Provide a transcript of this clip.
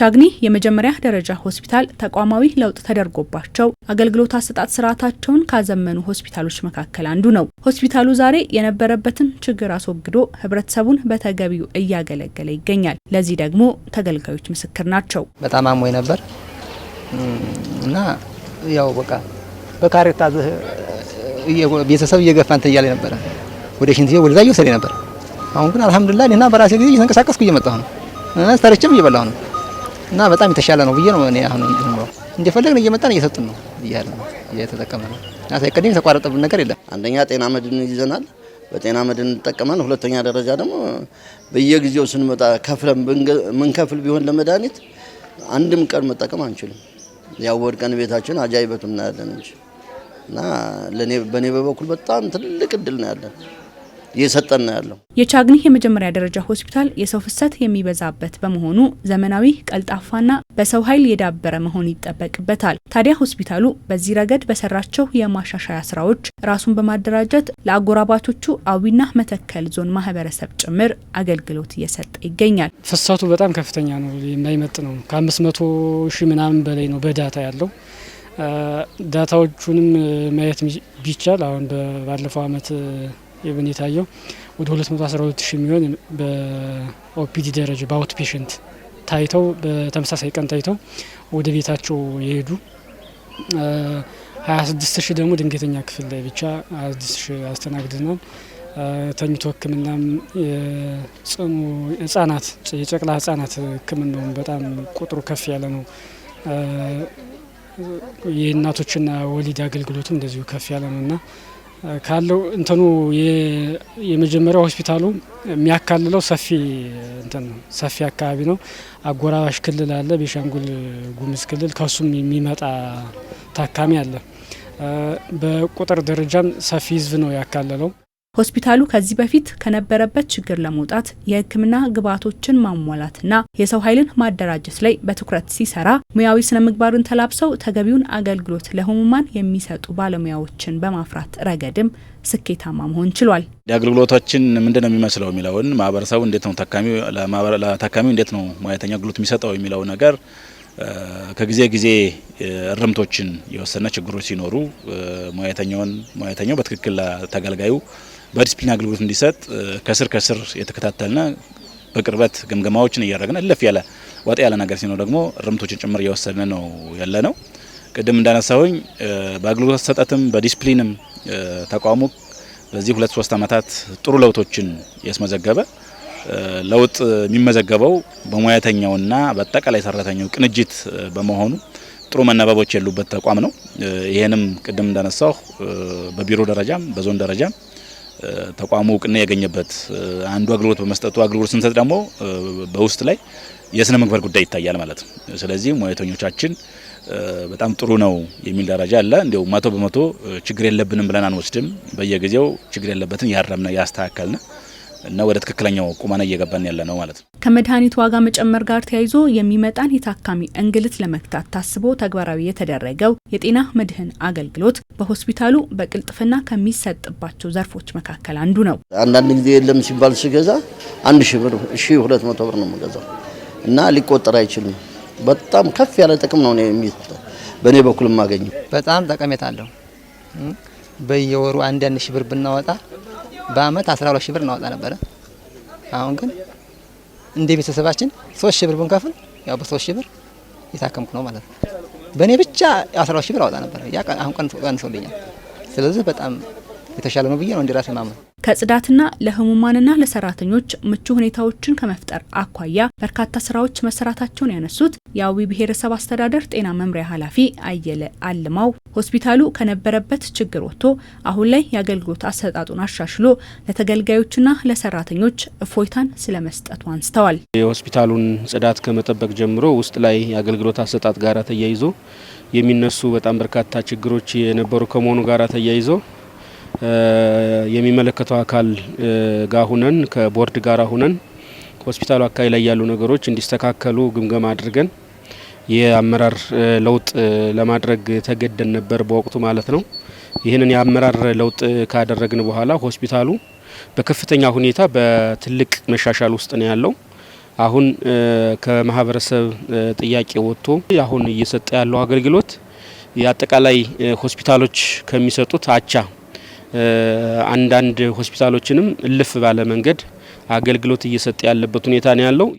ቻግኒ የመጀመሪያ ደረጃ ሆስፒታል ተቋማዊ ለውጥ ተደርጎባቸው አገልግሎት አሰጣጥ ስርዓታቸውን ካዘመኑ ሆስፒታሎች መካከል አንዱ ነው። ሆስፒታሉ ዛሬ የነበረበትን ችግር አስወግዶ ህብረተሰቡን በተገቢው እያገለገለ ይገኛል። ለዚህ ደግሞ ተገልጋዮች ምስክር ናቸው። በጣም አሞኝ ነበር እና ያው በቃ በካሬታ ቤተሰብ እየገፋን እያለ ነበረ ወደ ሽንት ወደዛ እየወሰደ ነበር። አሁን ግን አልሐምዱላ ና በራሴ ጊዜ እየተንቀሳቀስኩ እየመጣሁ ነው። ስተረችም እየበላሁ ነው። እና በጣም የተሻለ ነው ብዬ ነው እኔ አሁን ነው እንደፈለግን እየመጣን እየሰጥን ነው እያለ ነው እየተጠቀመ ነው እና ሳይቀደም የተቋረጠብን ነገር የለም። አንደኛ ጤና መድን ይዘናል፣ በጤና መድን እንጠቀማለን። ሁለተኛ ደረጃ ደግሞ በየጊዜው ስንመጣ ከፍለን ምንከፍል ቢሆን ለመድኃኒት አንድም ቀን መጠቀም አንችልም። ያው ወድቀን ቤታችን አጃይበቱ እናያለን እንጂ እና በእኔ በበኩል በጣም ትልቅ እድል ነው ያለን። እየሰጠን ነው ያለው። የቻግኒ የመጀመሪያ ደረጃ ሆስፒታል የሰው ፍሰት የሚበዛበት በመሆኑ ዘመናዊ ቀልጣፋና በሰው ኃይል የዳበረ መሆን ይጠበቅበታል። ታዲያ ሆስፒታሉ በዚህ ረገድ በሰራቸው የማሻሻያ ስራዎች ራሱን በማደራጀት ለአጎራባቾቹ አዊና መተከል ዞን ማህበረሰብ ጭምር አገልግሎት እየሰጠ ይገኛል። ፍሰቱ በጣም ከፍተኛ ነው፣ የማይመጥ ነው። ከአምስት መቶ ሺህ ምናምን በላይ ነው በዳታ ያለው ዳታዎቹንም ማየት ቢቻል አሁን ባለፈው አመት ይብን የታየው ወደ 212 ሺህ የሚሆን በኦፒዲ ደረጃ በአውት ፔሽንት ታይተው በተመሳሳይ ቀን ታይተው ወደ ቤታቸው የሄዱ 26 ሺህ ደግሞ ድንገተኛ ክፍል ላይ ብቻ 26 ሺህ አስተናግድናል። ተኝቶ ሕክምናም የጽኑ ህጻናት የጨቅላ ህጻናት ሕክምናውን በጣም ቁጥሩ ከፍ ያለ ነው። የእናቶችና ወሊድ አገልግሎትም እንደዚሁ ከፍ ያለ ነውና ካለው እንትኑ የመጀመሪያው ሆስፒታሉ የሚያካልለው ሰፊ እንትን ነው፣ ሰፊ አካባቢ ነው። አጎራባሽ ክልል አለ፣ ቤሻንጉል ጉምዝ ክልል ከሱም የሚመጣ ታካሚ አለ። በቁጥር ደረጃም ሰፊ ህዝብ ነው ያካለለው። ሆስፒታሉ ከዚህ በፊት ከነበረበት ችግር ለመውጣት የሕክምና ግብዓቶችን ማሟላትና የሰው ኃይልን ማደራጀት ላይ በትኩረት ሲሰራ ሙያዊ ስነ ምግባርን ተላብሰው ተገቢውን አገልግሎት ለህሙማን የሚሰጡ ባለሙያዎችን በማፍራት ረገድም ስኬታማ መሆን ችሏል። የአገልግሎቶችን ምንድን ነው የሚመስለው የሚለውን ማህበረሰቡ እንዴት ነው ለታካሚው እንዴት ነው ሙያተኛ አገልግሎት የሚሰጠው የሚለው ነገር ከጊዜ ጊዜ እርምቶችን የወሰነ ችግሮች ሲኖሩ ሙያተኛውን ሙያተኛው በትክክል ተገልጋዩ በዲስፕሊን አገልግሎት እንዲሰጥ ከስር ከስር የተከታተልና በቅርበት ግምገማዎችን እያደረግን እለፍ ያለ ወጣ ያለ ነገር ሲኖር ደግሞ እርምቶችን ጭምር እየወሰድን ነው ያለ ነው። ቅድም እንዳነሳሁኝ በአገልግሎት አሰጣጥም በዲስፕሊንም ተቋሙ በዚህ ሁለት ሶስት ዓመታት ጥሩ ለውጦችን ያስመዘገበ ለውጥ የሚመዘገበው በሙያተኛውና በአጠቃላይ ሰራተኛው ቅንጅት በመሆኑ ጥሩ መነበቦች ያሉበት ተቋም ነው። ይህንም ቅድም እንዳነሳሁ በቢሮ ደረጃም በዞን ደረጃም ተቋሙ እውቅና ያገኘበት አንዱ አገልግሎት በመስጠቱ አገልግሎት ስንሰጥ ደግሞ በውስጥ ላይ የስነ ምግባር ጉዳይ ይታያል ማለት ነው። ስለዚህ ሙያተኞቻችን በጣም ጥሩ ነው የሚል ደረጃ አለ። እንዲሁ መቶ በመቶ ችግር የለብንም ብለን አንወስድም። በየጊዜው ችግር የለበትን ያረምነ ያስተካከልነ እና ወደ ትክክለኛው ቁመና እየገባን ያለ ነው ማለት ነው። ከመድኃኒት ዋጋ መጨመር ጋር ተያይዞ የሚመጣን የታካሚ እንግልት ለመግታት ታስቦ ተግባራዊ የተደረገው የጤና መድህን አገልግሎት በሆስፒታሉ በቅልጥፍና ከሚሰጥባቸው ዘርፎች መካከል አንዱ ነው። አንዳንድ ጊዜ የለም ሲባል ስገዛ አንድ ሺ ብር ሺ ሁለት መቶ ብር ነው የምገዛው እና ሊቆጠር አይችልም። በጣም ከፍ ያለ ጥቅም ነው በእኔ በኩል የማገኘው። በጣም ጠቀሜታ አለው። በየወሩ አንዳንድ ሺ ብር ብናወጣ በአመት 12 ሺህ ብር እናወጣ ነበረ። አሁን ግን እንደ ቤተሰባችን 3 ሺህ ብር ብንከፍል ያው በ3 ሺህ ብር የታከምኩ ነው ማለት ነው። በእኔ ብቻ 12 ሺህ ብር አወጣ ነበረ። ያ አሁን ቀንሶልኛል። ስለዚህ በጣም የተሻለ ነው ብዬ ነው እንደራሴ ማመን ከጽዳትና ለህሙማንና ለሰራተኞች ምቹ ሁኔታዎችን ከመፍጠር አኳያ በርካታ ስራዎች መሰራታቸውን ያነሱት የአዊ ብሔረሰብ አስተዳደር ጤና መምሪያ ኃላፊ አየለ አልማው ሆስፒታሉ ከነበረበት ችግር ወጥቶ አሁን ላይ የአገልግሎት አሰጣጡን አሻሽሎ ለተገልጋዮችና ለሰራተኞች እፎይታን ስለመስጠቱ አንስተዋል። የሆስፒታሉን ጽዳት ከመጠበቅ ጀምሮ ውስጥ ላይ የአገልግሎት አሰጣጥ ጋር ተያይዞ የሚነሱ በጣም በርካታ ችግሮች የነበሩ ከመሆኑ ጋር ተያይዞ የሚመለከተው አካል ጋር ሁነን ከቦርድ ጋር ሁነን ሆስፒታሉ አካባቢ ላይ ያሉ ነገሮች እንዲስተካከሉ ግምገማ አድርገን የአመራር ለውጥ ለማድረግ ተገደን ነበር በወቅቱ ማለት ነው። ይህንን የአመራር ለውጥ ካደረግን በኋላ ሆስፒታሉ በከፍተኛ ሁኔታ በትልቅ መሻሻል ውስጥ ነው ያለው። አሁን ከማህበረሰብ ጥያቄ ወጥቶ አሁን እየሰጠ ያለው አገልግሎት የአጠቃላይ ሆስፒታሎች ከሚሰጡት አቻ አንዳንድ ሆስፒታሎችንም እልፍ ባለ መንገድ አገልግሎት እየሰጠ ያለበት ሁኔታ ነው ያለው።